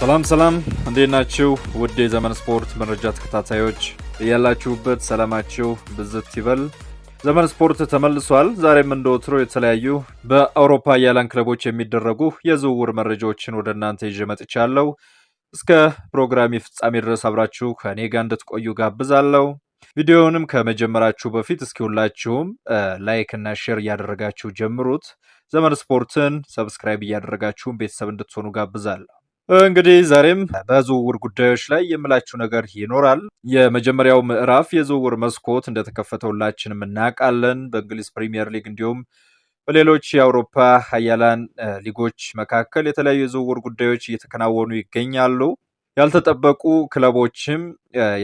ሰላም ሰላም፣ እንዴት ናችሁ? ውድ የዘመን ስፖርት መረጃ ተከታታዮች እያላችሁበት ሰላማችሁ ብዝት ይበል። ዘመን ስፖርት ተመልሷል። ዛሬም እንደ ወትሮ የተለያዩ በአውሮፓ ያላን ክለቦች የሚደረጉ የዝውውር መረጃዎችን ወደ እናንተ ይዤ መጥቻለሁ። እስከ ፕሮግራም ፍጻሜ ድረስ አብራችሁ ከእኔ ጋር እንድትቆዩ ጋብዛለሁ። ቪዲዮውንም ከመጀመራችሁ በፊት እስኪ ሁላችሁም ላይክ እና ሼር እያደረጋችሁ ጀምሩት። ዘመን ስፖርትን ሰብስክራይብ እያደረጋችሁም ቤተሰብ እንድትሆኑ ጋብዛለሁ። እንግዲህ ዛሬም በዝውውር ጉዳዮች ላይ የምላችሁ ነገር ይኖራል። የመጀመሪያው ምዕራፍ የዝውውር መስኮት እንደተከፈተውላችንም እናውቃለን። በእንግሊዝ ፕሪሚየር ሊግ እንዲሁም በሌሎች የአውሮፓ ሀያላን ሊጎች መካከል የተለያዩ የዝውውር ጉዳዮች እየተከናወኑ ይገኛሉ። ያልተጠበቁ ክለቦችም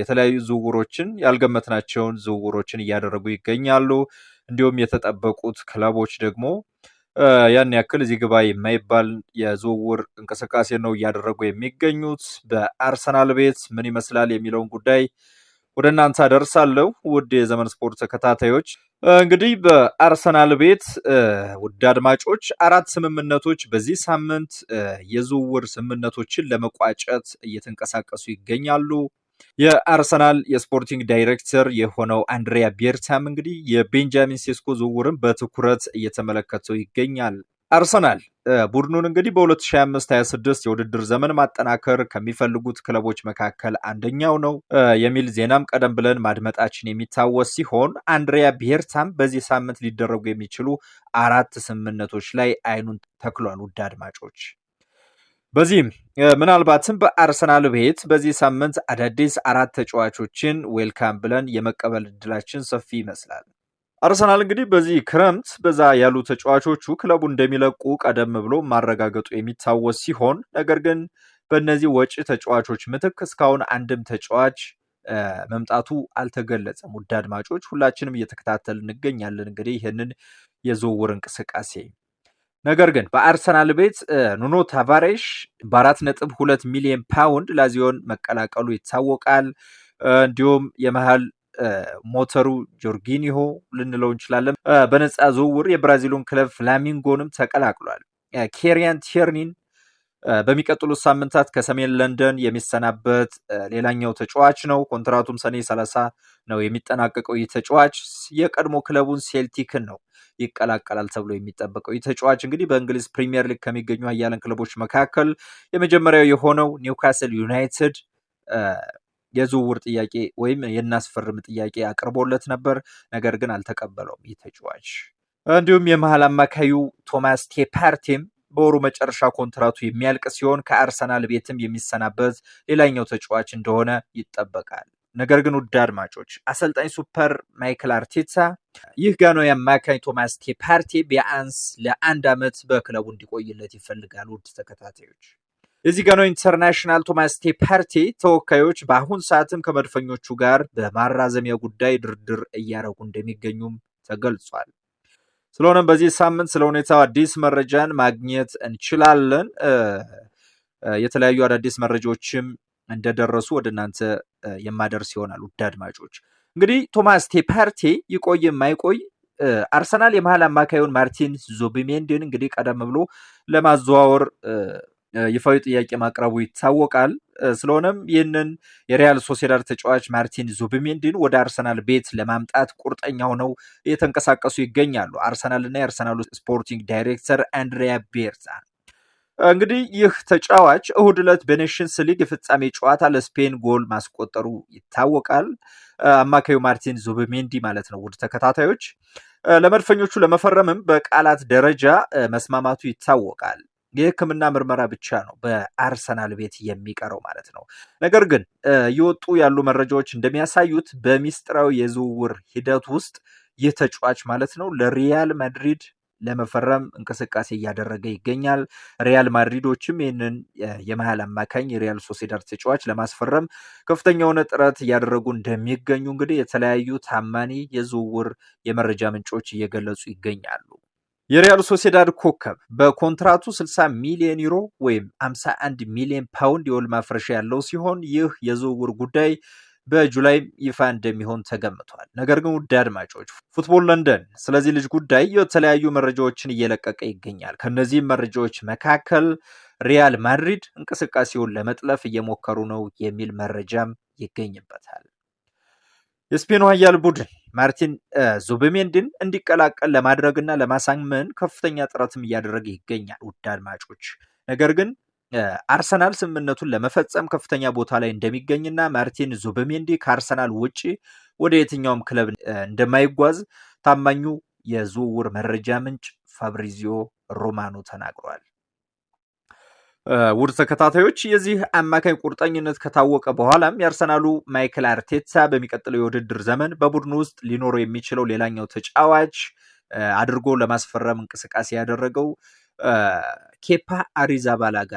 የተለያዩ ዝውውሮችን ያልገመትናቸውን ዝውውሮችን እያደረጉ ይገኛሉ። እንዲሁም የተጠበቁት ክለቦች ደግሞ ያን ያክል እዚህ ግባ የማይባል የዝውውር እንቅስቃሴ ነው እያደረጉ የሚገኙት። በአርሰናል ቤት ምን ይመስላል የሚለውን ጉዳይ ወደ እናንተ አደርሳለሁ። ውድ የዘመን ስፖርት ተከታታዮች እንግዲህ በአርሰናል ቤት ውድ አድማጮች አራት ስምምነቶች በዚህ ሳምንት የዝውውር ስምምነቶችን ለመቋጨት እየተንቀሳቀሱ ይገኛሉ። የአርሰናል የስፖርቲንግ ዳይሬክተር የሆነው አንድሪያ ቤርታም እንግዲህ የቤንጃሚን ሴስኮ ዝውውርን በትኩረት እየተመለከተው ይገኛል። አርሰናል ቡድኑን እንግዲህ በ2025/26 የውድድር ዘመን ማጠናከር ከሚፈልጉት ክለቦች መካከል አንደኛው ነው የሚል ዜናም ቀደም ብለን ማድመጣችን የሚታወስ ሲሆን አንድሪያ ቤርታም በዚህ ሳምንት ሊደረጉ የሚችሉ አራት ስምምነቶች ላይ አይኑን ተክሏል። ውድ አድማጮች በዚህ ምናልባትም በአርሰናል ቤት በዚህ ሳምንት አዳዲስ አራት ተጫዋቾችን ዌልካም ብለን የመቀበል እድላችን ሰፊ ይመስላል። አርሰናል እንግዲህ በዚህ ክረምት በዛ ያሉ ተጫዋቾቹ ክለቡ እንደሚለቁ ቀደም ብሎ ማረጋገጡ የሚታወስ ሲሆን ነገር ግን በእነዚህ ወጪ ተጫዋቾች ምትክ እስካሁን አንድም ተጫዋች መምጣቱ አልተገለጸም። ውድ አድማጮች ሁላችንም እየተከታተል እንገኛለን እንግዲህ ይህንን የዝውውር እንቅስቃሴ ነገር ግን በአርሰናል ቤት ኑኖ ታቫሬሽ በአራት ነጥብ ሁለት ሚሊዮን ፓውንድ ላዚዮን መቀላቀሉ ይታወቃል። እንዲሁም የመሃል ሞተሩ ጆርጊኒሆ ልንለው እንችላለን በነፃ ዝውውር የብራዚሉን ክለብ ፍላሚንጎንም ተቀላቅሏል። ኬሪያን ቲርኒን በሚቀጥሉት ሳምንታት ከሰሜን ለንደን የሚሰናበት ሌላኛው ተጫዋች ነው። ኮንትራቱም ሰኔ ሰላሳ ነው የሚጠናቀቀው። ይህ ተጫዋች የቀድሞ ክለቡን ሴልቲክን ነው ይቀላቀላል ተብሎ የሚጠበቀው ይህ ተጫዋች እንግዲህ በእንግሊዝ ፕሪሚየር ሊግ ከሚገኙ አያለን ክለቦች መካከል የመጀመሪያው የሆነው ኒውካስል ዩናይትድ የዝውውር ጥያቄ ወይም የናስፈርም ጥያቄ አቅርቦለት ነበር። ነገር ግን አልተቀበለውም ይህ ተጫዋች። እንዲሁም የመሀል አማካዩ ቶማስ ቴፓርቴም በወሩ መጨረሻ ኮንትራቱ የሚያልቅ ሲሆን ከአርሰናል ቤትም የሚሰናበት ሌላኛው ተጫዋች እንደሆነ ይጠበቃል። ነገር ግን ውድ አድማጮች አሰልጣኝ ሱፐር ማይክል አርቴታ ይህ ጋኖ አማካኝ ቶማስ ቴፓርቴ ቢያንስ ለአንድ ዓመት በክለቡ እንዲቆይለት ይፈልጋል። ውድ ተከታታዮች የዚህ ጋኖ ኢንተርናሽናል ቶማስ ቴፓርቴ ተወካዮች በአሁን ሰዓትም ከመድፈኞቹ ጋር በማራዘሚያ ጉዳይ ድርድር እያደረጉ እንደሚገኙም ተገልጿል። ስለሆነም በዚህ ሳምንት ስለ ሁኔታው አዲስ መረጃን ማግኘት እንችላለን። የተለያዩ አዳዲስ መረጃዎችም እንደደረሱ ወደ እናንተ የማደርስ ይሆናል። ውድ አድማጮች እንግዲህ ቶማስ ቴፓርቴ ይቆይ የማይቆይ አርሰናል የመሀል አማካዩን ማርቲን ዙቢሜንዲን እንግዲህ ቀደም ብሎ ለማዘዋወር ይፋዊ ጥያቄ ማቅረቡ ይታወቃል። ስለሆነም ይህንን የሪያል ሶሴዳድ ተጫዋች ማርቲን ዙቢሜንዲን ወደ አርሰናል ቤት ለማምጣት ቁርጠኛ ሆነው እየተንቀሳቀሱ ይገኛሉ። አርሰናል እና የአርሰናሉ ስፖርቲንግ ዳይሬክተር አንድሪያ ቤርታ እንግዲህ ይህ ተጫዋች እሁድ ዕለት በኔሽንስ ሊግ የፍጻሜ ጨዋታ ለስፔን ጎል ማስቆጠሩ ይታወቃል። አማካዩ ማርቲን ዙብሜንዲ ማለት ነው። ውድ ተከታታዮች ለመድፈኞቹ ለመፈረምም በቃላት ደረጃ መስማማቱ ይታወቃል። የሕክምና ምርመራ ብቻ ነው በአርሰናል ቤት የሚቀረው ማለት ነው። ነገር ግን እየወጡ ያሉ መረጃዎች እንደሚያሳዩት በሚስጥራዊ የዝውውር ሂደት ውስጥ ይህ ተጫዋች ማለት ነው ለሪያል ማድሪድ ለመፈረም እንቅስቃሴ እያደረገ ይገኛል። ሪያል ማድሪዶችም ይህንን የመሀል አማካኝ ሪያል ሶሴዳድ ተጫዋች ለማስፈረም ከፍተኛ የሆነ ጥረት እያደረጉ እንደሚገኙ እንግዲህ የተለያዩ ታማኒ የዝውውር የመረጃ ምንጮች እየገለጹ ይገኛሉ። የሪያል ሶሴዳድ ኮከብ በኮንትራቱ 60 ሚሊዮን ዩሮ ወይም 51 ሚሊዮን ፓውንድ የውል ማፍረሻ ያለው ሲሆን ይህ የዝውውር ጉዳይ በጁላይ ይፋ እንደሚሆን ተገምቷል። ነገር ግን ውድ አድማጮች ፉትቦል ለንደን ስለዚህ ልጅ ጉዳይ የተለያዩ መረጃዎችን እየለቀቀ ይገኛል። ከነዚህም መረጃዎች መካከል ሪያል ማድሪድ እንቅስቃሴውን ለመጥለፍ እየሞከሩ ነው የሚል መረጃም ይገኝበታል። የስፔኑ ኃያል ቡድን ማርቲን ዙብሜንድን እንዲቀላቀል ለማድረግና ለማሳመን ከፍተኛ ጥረትም እያደረገ ይገኛል። ውድ አድማጮች ነገር ግን አርሰናል ስምምነቱን ለመፈጸም ከፍተኛ ቦታ ላይ እንደሚገኝና ማርቲን ዙብሜንዲ ከአርሰናል ውጪ ወደ የትኛውም ክለብ እንደማይጓዝ ታማኙ የዝውውር መረጃ ምንጭ ፋብሪዚዮ ሮማኖ ተናግሯል። ውድ ተከታታዮች የዚህ አማካኝ ቁርጠኝነት ከታወቀ በኋላም የአርሰናሉ ማይክል አርቴታ በሚቀጥለው የውድድር ዘመን በቡድኑ ውስጥ ሊኖረው የሚችለው ሌላኛው ተጫዋች አድርጎ ለማስፈረም እንቅስቃሴ ያደረገው ኬፓ አሪዛባላጋ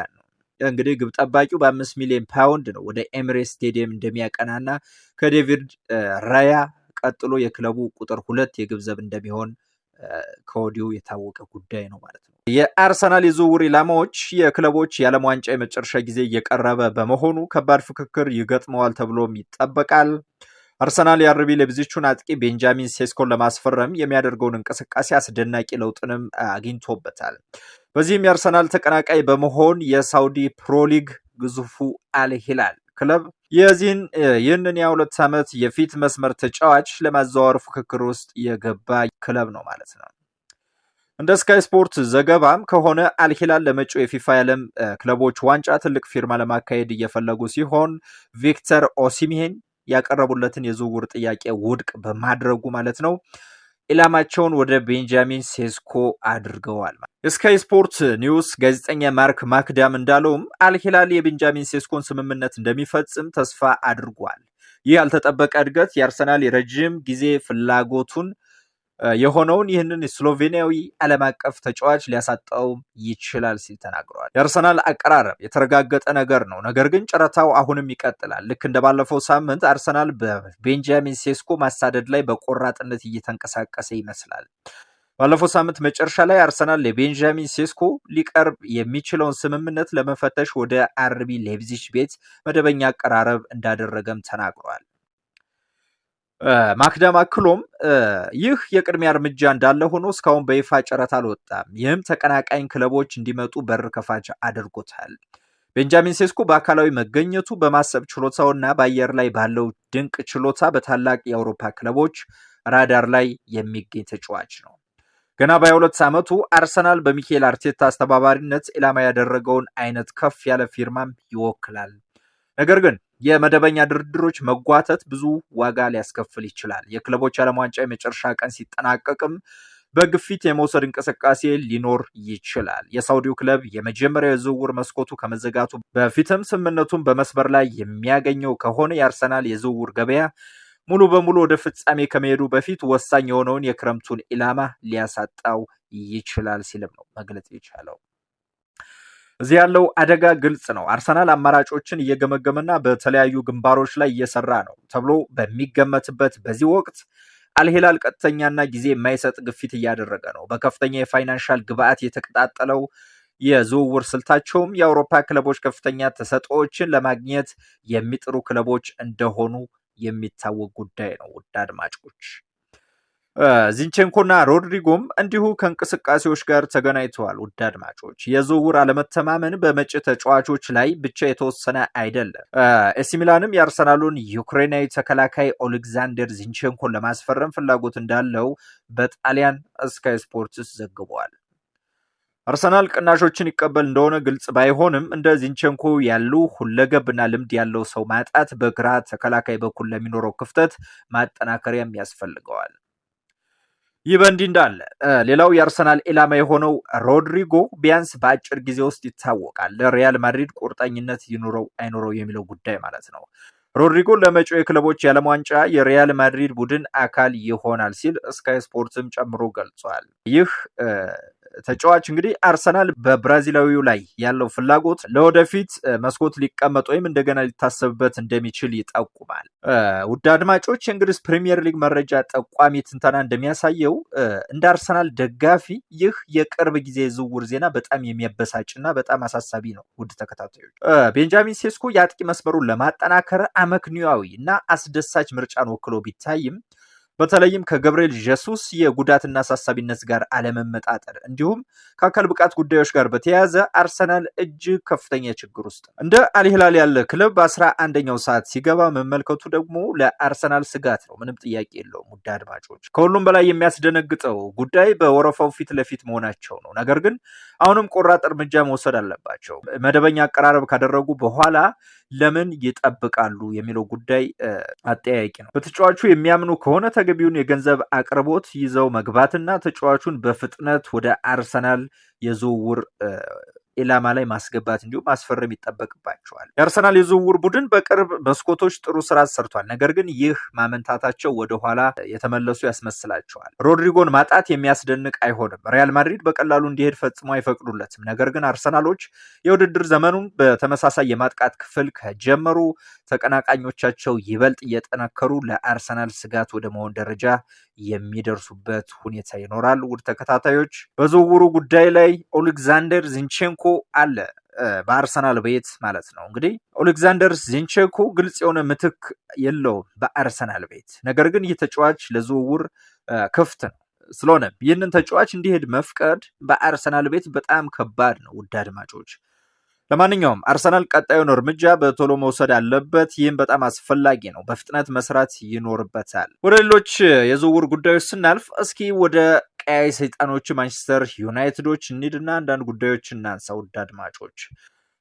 እንግዲህ ግብ ጠባቂው በአምስት ሚሊዮን ፓውንድ ነው ወደ ኤምሬ ስቴዲየም እንደሚያቀናና ከዴቪድ ራያ ቀጥሎ የክለቡ ቁጥር ሁለት የግብዘብ እንደሚሆን ከወዲሁ የታወቀ ጉዳይ ነው ማለት ነው። የአርሰናል የዝውውር ኢላማዎች የክለቦች የዓለም ዋንጫ የመጨረሻ ጊዜ እየቀረበ በመሆኑ ከባድ ፍክክር ይገጥመዋል ተብሎም ይጠበቃል። አርሰናል የአርቢ ላይፕዚጉን አጥቂ ቤንጃሚን ሴስኮን ለማስፈረም የሚያደርገውን እንቅስቃሴ አስደናቂ ለውጥንም አግኝቶበታል። በዚህም የአርሰናል ተቀናቃይ በመሆን የሳውዲ ፕሮሊግ ግዙፉ አልሂላል ክለብ የዚህን ይህንን የሁለት ዓመት የፊት መስመር ተጫዋች ለማዘዋወር ፉክክር ውስጥ የገባ ክለብ ነው ማለት ነው። እንደ ስካይ ስፖርት ዘገባም ከሆነ አልሂላል ለመጪው የፊፋ የዓለም ክለቦች ዋንጫ ትልቅ ፊርማ ለማካሄድ እየፈለጉ ሲሆን ቪክተር ኦሲሚሄን ያቀረቡለትን የዝውውር ጥያቄ ውድቅ በማድረጉ ማለት ነው ኢላማቸውን ወደ ቤንጃሚን ሴስኮ አድርገዋል። ስካይ ስፖርት ኒውስ ጋዜጠኛ ማርክ ማክዳም እንዳለውም አልሂላል የቤንጃሚን ሴስኮን ስምምነት እንደሚፈጽም ተስፋ አድርጓል። ይህ ያልተጠበቀ እድገት የአርሰናል የረጅም ጊዜ ፍላጎቱን የሆነውን ይህንን ስሎቬኒያዊ ዓለም አቀፍ ተጫዋች ሊያሳጣው ይችላል ሲል ተናግረዋል። የአርሰናል አቀራረብ የተረጋገጠ ነገር ነው፣ ነገር ግን ጨረታው አሁንም ይቀጥላል። ልክ እንደ ባለፈው ሳምንት አርሰናል በቤንጃሚን ሴስኮ ማሳደድ ላይ በቆራጥነት እየተንቀሳቀሰ ይመስላል። ባለፈው ሳምንት መጨረሻ ላይ አርሰናል ለቤንጃሚን ሴስኮ ሊቀርብ የሚችለውን ስምምነት ለመፈተሽ ወደ አርቢ ሌብዚች ቤት መደበኛ አቀራረብ እንዳደረገም ተናግሯል። ማክዳም አክሎም ይህ የቅድሚያ እርምጃ እንዳለ ሆኖ እስካሁን በይፋ ጨረታ አልወጣም። ይህም ተቀናቃኝ ክለቦች እንዲመጡ በር ከፋች አድርጎታል። ቤንጃሚን ሴስኮ በአካላዊ መገኘቱ በማሰብ ችሎታውና በአየር ላይ ባለው ድንቅ ችሎታ በታላቅ የአውሮፓ ክለቦች ራዳር ላይ የሚገኝ ተጫዋች ነው። ገና በ22 ዓመቱ አርሰናል በሚካኤል አርቴታ አስተባባሪነት ኢላማ ያደረገውን አይነት ከፍ ያለ ፊርማም ይወክላል። ነገር ግን የመደበኛ ድርድሮች መጓተት ብዙ ዋጋ ሊያስከፍል ይችላል። የክለቦች ዓለም ዋንጫ የመጨረሻ ቀን ሲጠናቀቅም በግፊት የመውሰድ እንቅስቃሴ ሊኖር ይችላል። የሳውዲው ክለብ የመጀመሪያው የዝውውር መስኮቱ ከመዘጋቱ በፊትም ስምምነቱን በመስበር ላይ የሚያገኘው ከሆነ የአርሰናል የዝውውር ገበያ ሙሉ በሙሉ ወደ ፍጻሜ ከመሄዱ በፊት ወሳኝ የሆነውን የክረምቱን ኢላማ ሊያሳጣው ይችላል ሲልም ነው መግለጽ የቻለው። እዚህ ያለው አደጋ ግልጽ ነው። አርሰናል አማራጮችን እየገመገመና በተለያዩ ግንባሮች ላይ እየሰራ ነው ተብሎ በሚገመትበት በዚህ ወቅት አልሄላል ቀጥተኛና ጊዜ የማይሰጥ ግፊት እያደረገ ነው። በከፍተኛ የፋይናንሻል ግብዓት የተቀጣጠለው የዝውውር ስልታቸውም የአውሮፓ ክለቦች ከፍተኛ ተሰጥኦዎችን ለማግኘት የሚጥሩ ክለቦች እንደሆኑ የሚታወቅ ጉዳይ ነው። ውድ አድማጮች ዚንቼንኮና ሮድሪጎም እንዲሁ ከእንቅስቃሴዎች ጋር ተገናኝተዋል። ውድ አድማጮች የዝውውር አለመተማመን በመጪ ተጫዋቾች ላይ ብቻ የተወሰነ አይደለም። ኤሲ ሚላንም የአርሰናሉን ዩክሬናዊ ተከላካይ ኦሌግዛንደር ዚንቼንኮን ለማስፈረም ፍላጎት እንዳለው በጣሊያን ስካይ ስፖርትስ ዘግቧል። አርሰናል ቅናሾችን ይቀበል እንደሆነ ግልጽ ባይሆንም እንደ ዚንቼንኮ ያሉ ሁለገብና ልምድ ያለው ሰው ማጣት በግራ ተከላካይ በኩል ለሚኖረው ክፍተት ማጠናከሪያም ያስፈልገዋል። ይህ በእንዲህ እንዳለ ሌላው የአርሰናል ኢላማ የሆነው ሮድሪጎ ቢያንስ በአጭር ጊዜ ውስጥ ይታወቃል። ለሪያል ማድሪድ ቁርጠኝነት ይኑረው አይኑረው የሚለው ጉዳይ ማለት ነው። ሮድሪጎ ለመጪው የክለቦች የዓለም ዋንጫ የሪያል ማድሪድ ቡድን አካል ይሆናል ሲል ስካይ ስፖርትም ጨምሮ ገልጿል። ይህ ተጫዋች እንግዲህ አርሰናል በብራዚላዊው ላይ ያለው ፍላጎት ለወደፊት መስኮት ሊቀመጥ ወይም እንደገና ሊታሰብበት እንደሚችል ይጠቁማል። ውድ አድማጮች የእንግሊዝ ፕሪሚየር ሊግ መረጃ ጠቋሚ ትንተና እንደሚያሳየው እንደ አርሰናል ደጋፊ ይህ የቅርብ ጊዜ ዝውውር ዜና በጣም የሚያበሳጭና በጣም አሳሳቢ ነው። ውድ ተከታታዮች ቤንጃሚን ሴስኮ የአጥቂ መስመሩን ለማጠናከር አመክንያዊ እና አስደሳች ምርጫን ወክሎ ቢታይም በተለይም ከገብርኤል ጀሱስ የጉዳትና አሳሳቢነት ጋር አለመመጣጠር እንዲሁም ከአካል ብቃት ጉዳዮች ጋር በተያያዘ አርሰናል እጅግ ከፍተኛ ችግር ውስጥ ነው። እንደ አልሂላል ያለ ክለብ በአስራ አንደኛው ሰዓት ሲገባ መመልከቱ ደግሞ ለአርሰናል ስጋት ነው፣ ምንም ጥያቄ የለውም። ውድ አድማጮች፣ ከሁሉም በላይ የሚያስደነግጠው ጉዳይ በወረፋው ፊት ለፊት መሆናቸው ነው። ነገር ግን አሁንም ቆራጥ እርምጃ መውሰድ አለባቸው። መደበኛ አቀራረብ ካደረጉ በኋላ ለምን ይጠብቃሉ የሚለው ጉዳይ አጠያቂ ነው። በተጫዋቹ የሚያምኑ ከሆነ ተገቢውን የገንዘብ አቅርቦት ይዘው መግባትና ተጫዋቹን በፍጥነት ወደ አርሰናል የዝውውር ኢላማ ላይ ማስገባት እንዲሁም ማስፈረም ይጠበቅባቸዋል። የአርሰናል የዝውውር ቡድን በቅርብ መስኮቶች ጥሩ ስራ ሰርቷል። ነገር ግን ይህ ማመንታታቸው ወደኋላ የተመለሱ ያስመስላቸዋል። ሮድሪጎን ማጣት የሚያስደንቅ አይሆንም። ሪያል ማድሪድ በቀላሉ እንዲሄድ ፈጽሞ አይፈቅዱለትም። ነገር ግን አርሰናሎች የውድድር ዘመኑን በተመሳሳይ የማጥቃት ክፍል ከጀመሩ ተቀናቃኞቻቸው ይበልጥ እየጠነከሩ ለአርሰናል ስጋት ወደ መሆን ደረጃ የሚደርሱበት ሁኔታ ይኖራል። ውድ ተከታታዮች በዝውውሩ ጉዳይ ላይ ኦሌክዛንደር ዚንቼንኮ አለ በአርሰናል ቤት ማለት ነው። እንግዲህ ኦሌግዛንደር ዚንቼንኮ ግልጽ የሆነ ምትክ የለውም በአርሰናል ቤት። ነገር ግን ይህ ተጫዋች ለዝውውር ክፍት ነው። ስለሆነም ይህንን ተጫዋች እንዲሄድ መፍቀድ በአርሰናል ቤት በጣም ከባድ ነው። ውድ አድማጮች ለማንኛውም አርሰናል ቀጣዩን እርምጃ በቶሎ መውሰድ አለበት። ይህም በጣም አስፈላጊ ነው። በፍጥነት መስራት ይኖርበታል። ወደ ሌሎች የዝውውር ጉዳዮች ስናልፍ እስኪ ወደ ቀያይ ሰይጣኖች ማንቸስተር ዩናይትዶች እንሂድና አንዳንድ ጉዳዮች እናንሳ። ውድ አድማጮች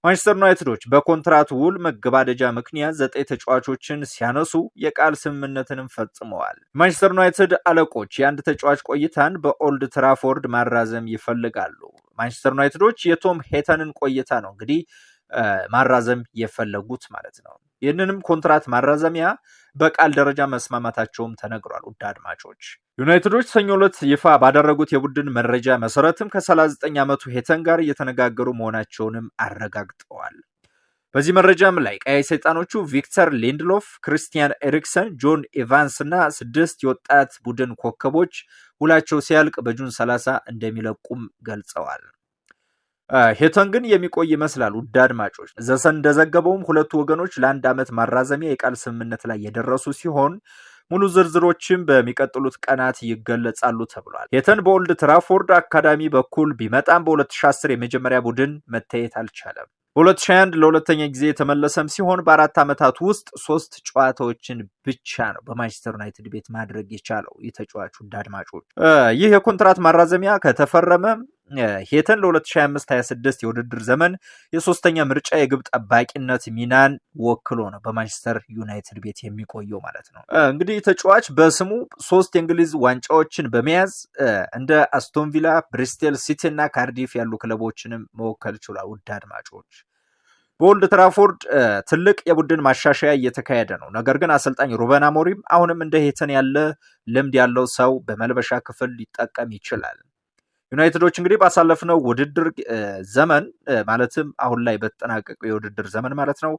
ማንቸስተር ዩናይትዶች በኮንትራት ውል መገባደጃ ምክንያት ዘጠኝ ተጫዋቾችን ሲያነሱ የቃል ስምምነትንም ፈጽመዋል። ማንቸስተር ዩናይትድ አለቆች የአንድ ተጫዋች ቆይታን በኦልድ ትራፎርድ ማራዘም ይፈልጋሉ። ማንቸስተር ዩናይትዶች የቶም ሄተንን ቆይታ ነው እንግዲህ ማራዘም የፈለጉት ማለት ነው። ይህንንም ኮንትራት ማራዘሚያ በቃል ደረጃ መስማማታቸውም ተነግሯል። ውድ አድማጮች ዩናይትዶች ሰኞ ዕለት ይፋ ባደረጉት የቡድን መረጃ መሰረትም ከ39 ዓመቱ ሄተን ጋር እየተነጋገሩ መሆናቸውንም አረጋግጠዋል። በዚህ መረጃም ላይ ቀያይ ሰይጣኖቹ ቪክተር ሊንድሎፍ፣ ክሪስቲያን ኤሪክሰን፣ ጆን ኤቫንስ እና ስድስት የወጣት ቡድን ኮከቦች ውላቸው ሲያልቅ በጁን 30 እንደሚለቁም ገልጸዋል። ሄተን ግን የሚቆይ ይመስላል። ውድ አድማጮች፣ ዘሰን እንደዘገበውም ሁለቱ ወገኖች ለአንድ ዓመት ማራዘሚያ የቃል ስምምነት ላይ የደረሱ ሲሆን ሙሉ ዝርዝሮችም በሚቀጥሉት ቀናት ይገለጻሉ ተብሏል። ሄተን በኦልድ ትራፎርድ አካዳሚ በኩል ቢመጣም በ2010 የመጀመሪያ ቡድን መታየት አልቻለም። በ2021 ለሁለተኛ ጊዜ የተመለሰም ሲሆን በአራት ዓመታት ውስጥ ሶስት ጨዋታዎችን ብቻ ነው በማንቸስተር ዩናይትድ ቤት ማድረግ የቻለው የተጫዋቹ እንዳድማጮች ይህ የኮንትራት ማራዘሚያ ከተፈረመ ሄተን ለ2025/26 የውድድር ዘመን የሶስተኛ ምርጫ የግብ ጠባቂነት ሚናን ወክሎ ነው በማንቸስተር ዩናይትድ ቤት የሚቆየው ማለት ነው። እንግዲህ ተጫዋች በስሙ ሶስት የእንግሊዝ ዋንጫዎችን በመያዝ እንደ አስቶንቪላ፣ ብሪስቴል ሲቲ እና ካርዲፍ ያሉ ክለቦችንም መወከል ችሏል። ውድ አድማጮች በኦልድ ትራፎርድ ትልቅ የቡድን ማሻሻያ እየተካሄደ ነው። ነገር ግን አሰልጣኝ ሩበን አሞሪም አሁንም እንደ ሄተን ያለ ልምድ ያለው ሰው በመልበሻ ክፍል ሊጠቀም ይችላል። ዩናይትዶች እንግዲህ ባሳለፍነው ውድድር ዘመን ማለትም አሁን ላይ በተጠናቀቀው የውድድር ዘመን ማለት ነው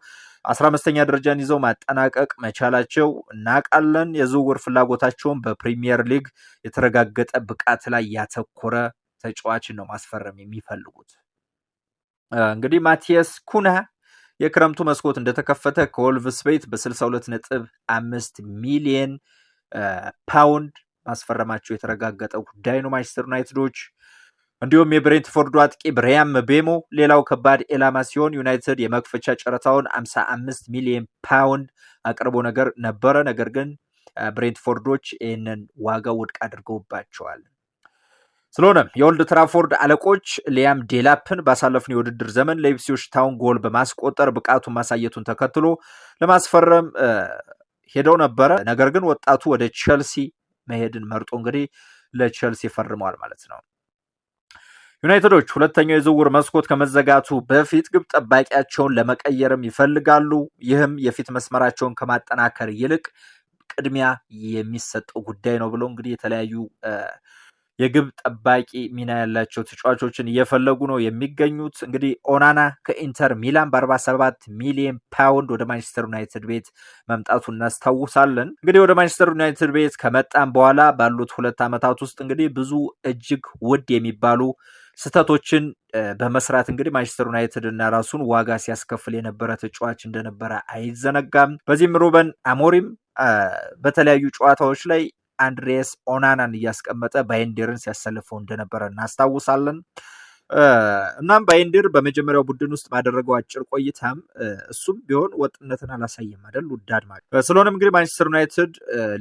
አስራ አምስተኛ ደረጃን ይዘው ማጠናቀቅ መቻላቸው እናውቃለን። የዝውውር ፍላጎታቸውን በፕሪሚየር ሊግ የተረጋገጠ ብቃት ላይ ያተኮረ ተጫዋችን ነው ማስፈረም የሚፈልጉት። እንግዲህ ማቲያስ ኩና የክረምቱ መስኮት እንደተከፈተ ከወልቭስ ቤት በ62 ነጥብ አምስት ሚሊየን ፓውንድ ማስፈረማቸው የተረጋገጠ ጉዳይ ነው። ማንቸስተር ዩናይትዶች እንዲሁም የብሬንትፎርዱ አጥቂ ብሪያም ቤሞ ሌላው ከባድ ኢላማ ሲሆን ዩናይትድ የመክፈቻ ጨረታውን 55 ሚሊዮን ፓውንድ አቅርቦ ነገር ነበረ። ነገር ግን ብሬንትፎርዶች ይህንን ዋጋ ውድቅ አድርገውባቸዋል። ስለሆነም የኦልድ ትራፎርድ አለቆች ሊያም ዴላፕን ባሳለፍን የውድድር ዘመን ለኢፕስዊች ታውን ጎል በማስቆጠር ብቃቱን ማሳየቱን ተከትሎ ለማስፈረም ሄደው ነበረ። ነገር ግን ወጣቱ ወደ ቼልሲ መሄድን መርጦ እንግዲህ ለቸልሲ ፈርመዋል ማለት ነው። ዩናይትዶች ሁለተኛው የዝውውር መስኮት ከመዘጋቱ በፊት ግብ ጠባቂያቸውን ለመቀየርም ይፈልጋሉ። ይህም የፊት መስመራቸውን ከማጠናከር ይልቅ ቅድሚያ የሚሰጠው ጉዳይ ነው ብሎ እንግዲህ የተለያዩ የግብ ጠባቂ ሚና ያላቸው ተጫዋቾችን እየፈለጉ ነው የሚገኙት። እንግዲህ ኦናና ከኢንተር ሚላን በ47 ሚሊዮን ፓውንድ ወደ ማንቸስተር ዩናይትድ ቤት መምጣቱ እናስታውሳለን። እንግዲህ ወደ ማንቸስተር ዩናይትድ ቤት ከመጣም በኋላ ባሉት ሁለት ዓመታት ውስጥ እንግዲህ ብዙ እጅግ ውድ የሚባሉ ስህተቶችን በመስራት እንግዲህ ማንቸስተር ዩናይትድ እና ራሱን ዋጋ ሲያስከፍል የነበረ ተጫዋች እንደነበረ አይዘነጋም። በዚህም ሩበን አሞሪም በተለያዩ ጨዋታዎች ላይ አንድሬስ ኦናናን እያስቀመጠ ባይንዴርን ሲያሰልፈው እንደነበረ እናስታውሳለን። እናም ባይንዴር በመጀመሪያው ቡድን ውስጥ ባደረገው አጭር ቆይታም እሱም ቢሆን ወጥነትን አላሳየም አይደል? ውድ አድማጭ። ስለሆነም እንግዲህ ማንቸስተር ዩናይትድ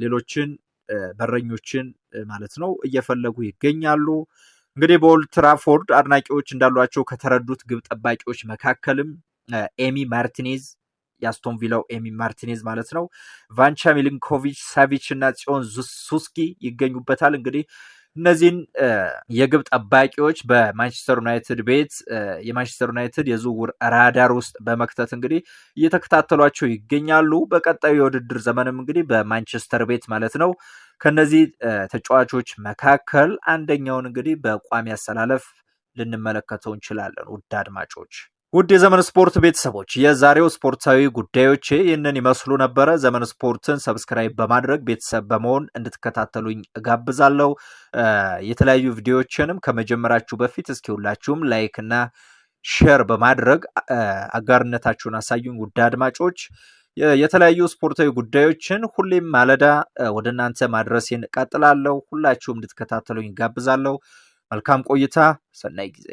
ሌሎችን በረኞችን ማለት ነው እየፈለጉ ይገኛሉ። እንግዲህ በኦልድ ትራፎርድ አድናቂዎች እንዳሏቸው ከተረዱት ግብ ጠባቂዎች መካከልም ኤሚ ማርቲኔዝ የአስቶን ቪላው ኤሚ ማርቲኔዝ ማለት ነው። ቫንቻ ሚሊንኮቪች፣ ሳቪች እና ጽዮን ሱስኪ ይገኙበታል። እንግዲህ እነዚህን የግብ ጠባቂዎች በማንቸስተር ዩናይትድ ቤት የማንቸስተር ዩናይትድ የዝውውር ራዳር ውስጥ በመክተት እንግዲህ እየተከታተሏቸው ይገኛሉ። በቀጣዩ የውድድር ዘመንም እንግዲህ በማንቸስተር ቤት ማለት ነው ከነዚህ ተጫዋቾች መካከል አንደኛውን እንግዲህ በቋሚ አሰላለፍ ልንመለከተው እንችላለን። ውድ አድማጮች ውድ የዘመን ስፖርት ቤተሰቦች የዛሬው ስፖርታዊ ጉዳዮች ይህንን ይመስሉ ነበረ። ዘመን ስፖርትን ሰብስክራይብ በማድረግ ቤተሰብ በመሆን እንድትከታተሉኝ እጋብዛለሁ። የተለያዩ ቪዲዮዎችንም ከመጀመራችሁ በፊት እስኪ ሁላችሁም ላይክ እና ሼር በማድረግ አጋርነታችሁን አሳዩኝ። ውድ አድማጮች የተለያዩ ስፖርታዊ ጉዳዮችን ሁሌም ማለዳ ወደ እናንተ ማድረሴን እቀጥላለሁ። ሁላችሁም እንድትከታተሉኝ እጋብዛለሁ። መልካም ቆይታ፣ ሰናይ ጊዜ